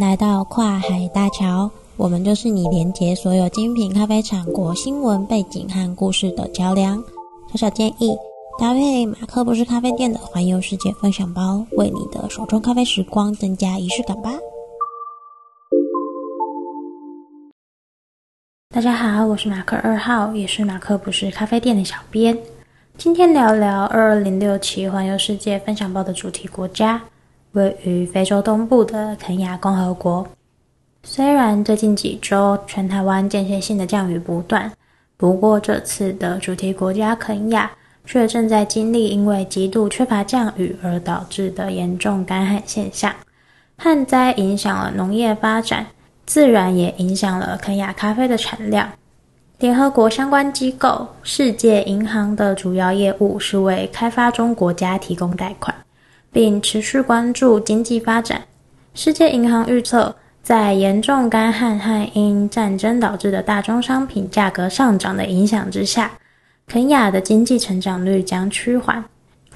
來到跨海大橋，我們就是你連接所有精品咖啡產國新聞背景和故事的橋梁。小小建議，搭配馬克不是咖啡店的環遊世界分享包，為你的手沖咖啡時光增加儀式感吧。大家好，我是馬克二號，也是馬克不是咖啡店的小編。今天聊聊二二零六期環遊世界分享包的主題國家，位於非洲東部的肯亞共和國，雖然最近幾周全台灣間歇性的降雨不斷，不過這次的主題國家肯亞卻正在經歷因為極度缺乏降雨而導致的嚴重乾旱現象。旱災影響了農業發展，自然也影響了肯亞咖啡的產量。聯合國相關機構世界銀行的主要業務是為開發中國家提供貸款，並持續關注經濟發展。世界銀行預測，在嚴重乾旱和因戰爭導致的大宗商品價格上漲的影響之下，肯亞的經濟成長率將趨緩，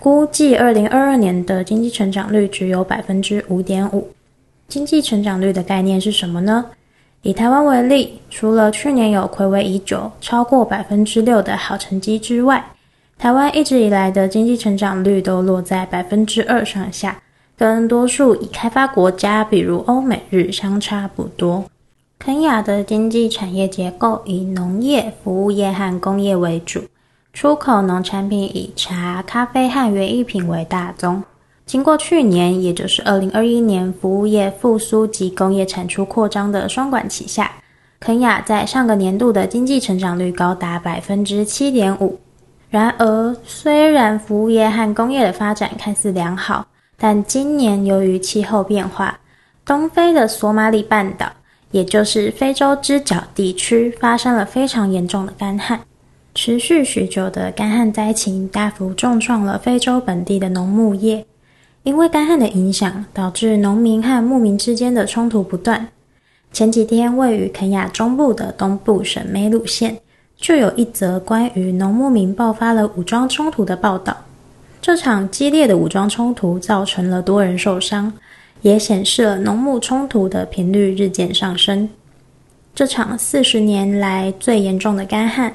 估計二零二二年的經濟成長率只有百分之五點五。經濟成長率的概念是什麼呢？以台灣為例，除了去年有暌違已久、超過百分之六的好成績之外，台灣一直以來的經濟成長率都落在百分之二上下，跟多數已開發國家，比如歐美日，相差不多。肯亞的經濟產業結構以農業、服務業和工業為主，出口農產品以茶、咖啡和園藝品為大宗。經過去年，也就是二零二一年，服務業復甦及工業產出擴張的雙管齊下，肯亞在上個年度的經濟成長率高達百分之七點五。然而，雖然服務業和工業的發展看似良好，但今年由於氣候變化，東非的索馬里半島，也就是非洲之角地區，發生了非常嚴重的乾旱。持續許久的乾旱災情大幅重創了非洲本地的農牧業。因為乾旱的影響，導致農民和牧民之間的衝突不斷。前幾天，位於肯亞中部的東部省梅魯縣，就有一則關於農牧民爆發了武裝衝突的報道這場激烈的武裝衝突造成了多人受傷，也顯示了農牧衝突的頻率日漸上升。這場四十年來最嚴重的乾旱，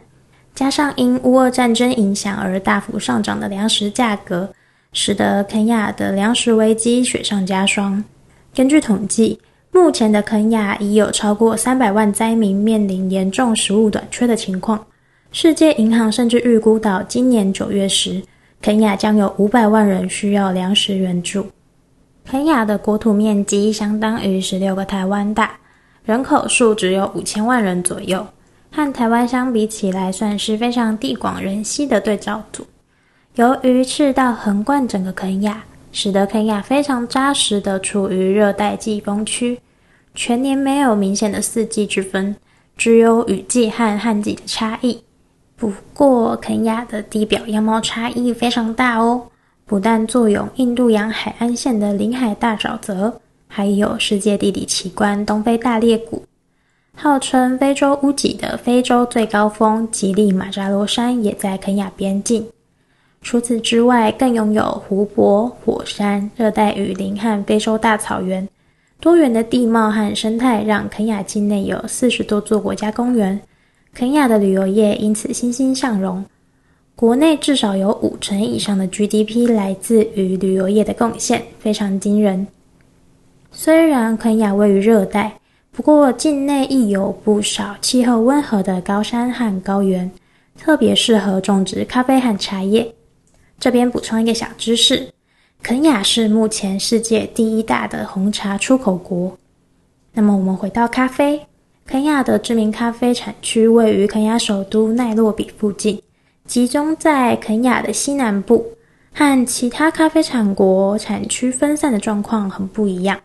加上因烏俄戰爭影響而大幅上漲的糧食價格，使得肯亞的糧食危機雪上加霜。根據統計，目前的肯亞已有超過三百萬災民面臨嚴重食物短缺的情況。世界銀行甚至預估到今年九月時，肯亞將有五百萬人需要糧食援助。肯亞的國土面積相當於十六個台灣大，人口數只有五千萬人左右，和台灣相比起來，算是非常地廣人稀的對照組。由於赤道橫貫整個肯亞，使得肯亞非常扎實地處於熱帶季風區，全年沒有明顯的四季之分，只有雨季和旱季的差異。不過，肯亞的地表樣貌差異非常大哦，不但坐擁印度洋海岸線的臨海大沼澤，還有世界地理奇觀東非大裂谷，號稱非洲屋脊的非洲最高峰吉利馬扎羅山也在肯亞邊境。除此之外，更擁有湖泊、火山、熱帶雨林和非洲大草原，多元的地貌和生態讓肯亞境內有四十多座國家公園。肯亞的旅遊業因此欣欣向榮，國內至少有五成以上的 GDP 來自於旅遊業的貢獻，非常驚人。雖然肯亞位於熱帶，不過境內亦有不少氣候溫和的高山和高原，特別適合種植咖啡和茶葉。這邊補充一個小知識，肯亞是目前世界第一大的紅茶出口國。那麼我們回到咖啡，肯亞的知名咖啡產區位於肯亞首都奈洛比附近，集中在肯亞的西南部，和其他咖啡產國產區分散的狀況很不一樣。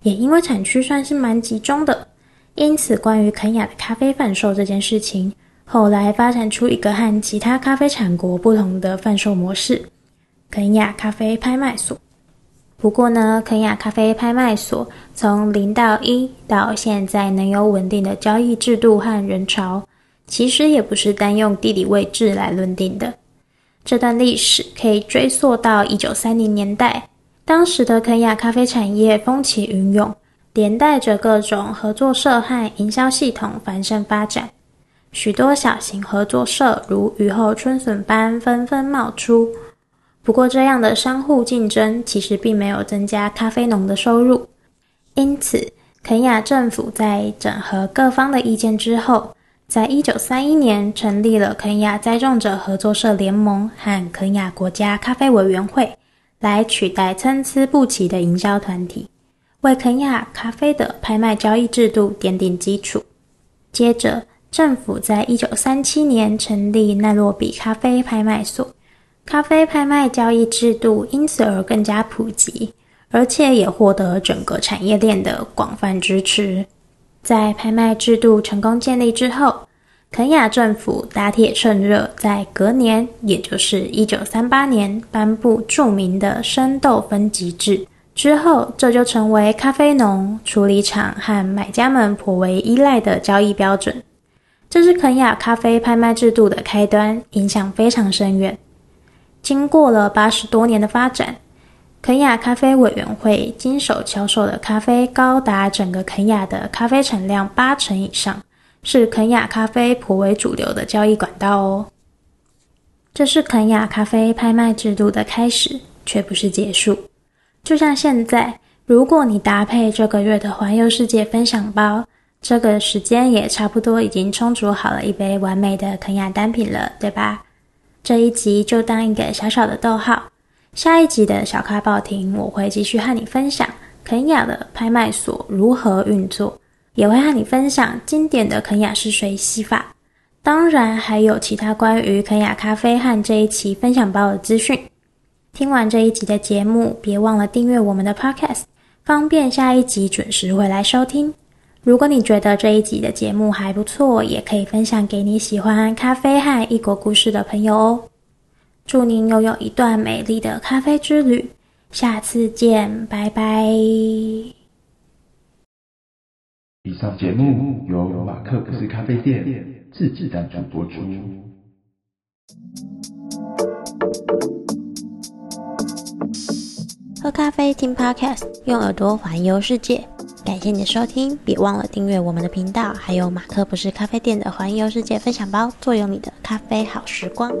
也因為產區算是蠻集中的，因此關於肯亞的咖啡販售這件事情，後來發展出一個和其他咖啡產國不同的販售模式——肯亞咖啡拍賣所。不過呢，肯亞咖啡拍賣所從零到一到現在能有穩定的交易制度和人潮，其實也不是單用地理位置來論定的。這段歷史可以追溯到一九三零年代，當時的肯亞咖啡產業風起雲湧，連帶着各種合作社和營銷系統繁盛發展。許多小型合作社如雨後春筍般紛紛冒出。不過，這樣的商戶競爭其實並沒有增加咖啡農的收入。因此，肯亞政府在整合各方的意見之後，在1931年成立了肯亞栽種者合作社聯盟和肯亞國家咖啡委員會，來取代參差不齊的營銷團體，為肯亞咖啡的拍賣交易制度奠定基礎。接着，政府在1937年成立奈洛比咖啡拍賣所，咖啡拍賣交易制度因此而更加普及，而且也獲得整個產業鏈的廣泛支持。在拍賣制度成功建立之後，肯亞政府打鐵趁熱，在隔年，也就是1938年，頒布著名的生豆分級制。之後，這就成為咖啡農、處理廠和買家們頗為依賴的交易標準。這是肯亞咖啡拍賣制度的開端，影響非常深遠。經過了八十多年的發展，肯亞咖啡委員會經手銷售的咖啡高達整個肯亞的咖啡產量八成以上，是肯亞咖啡頗為主流的交易管道哦。這是肯亞咖啡拍賣制度的開始，卻不是結束。就像現在，如果你搭配這個月的環遊世界分享包，這個時間也差不多，已經沖煮好了一杯完美的肯亞單品了，對吧？這一集就當一個小小的逗號。下一集的小咖報亭，我會繼續和你分享肯亞的拍賣所如何運作，也會和你分享經典的肯亞式水洗法，當然還有其他關於肯亞咖啡和這一期分享包的資訊。聽完這一集的節目，別忘了訂閱我們的 Podcast，方便下一集準時回來收聽。如果你覺得這一集的節目還不錯，也可以分享給你喜歡咖啡和異國故事的朋友哦。祝您擁有一段美麗的咖啡之旅，下次見，拜拜。以上節目由馬克不是咖啡店自己贊助播出。喝咖啡，聽 Podcast，用耳朵環遊世界。感謝你的收聽，別忘了訂閱我們的頻道，還有馬克不是咖啡店的環遊世界分享包，坐擁你的咖啡好時光。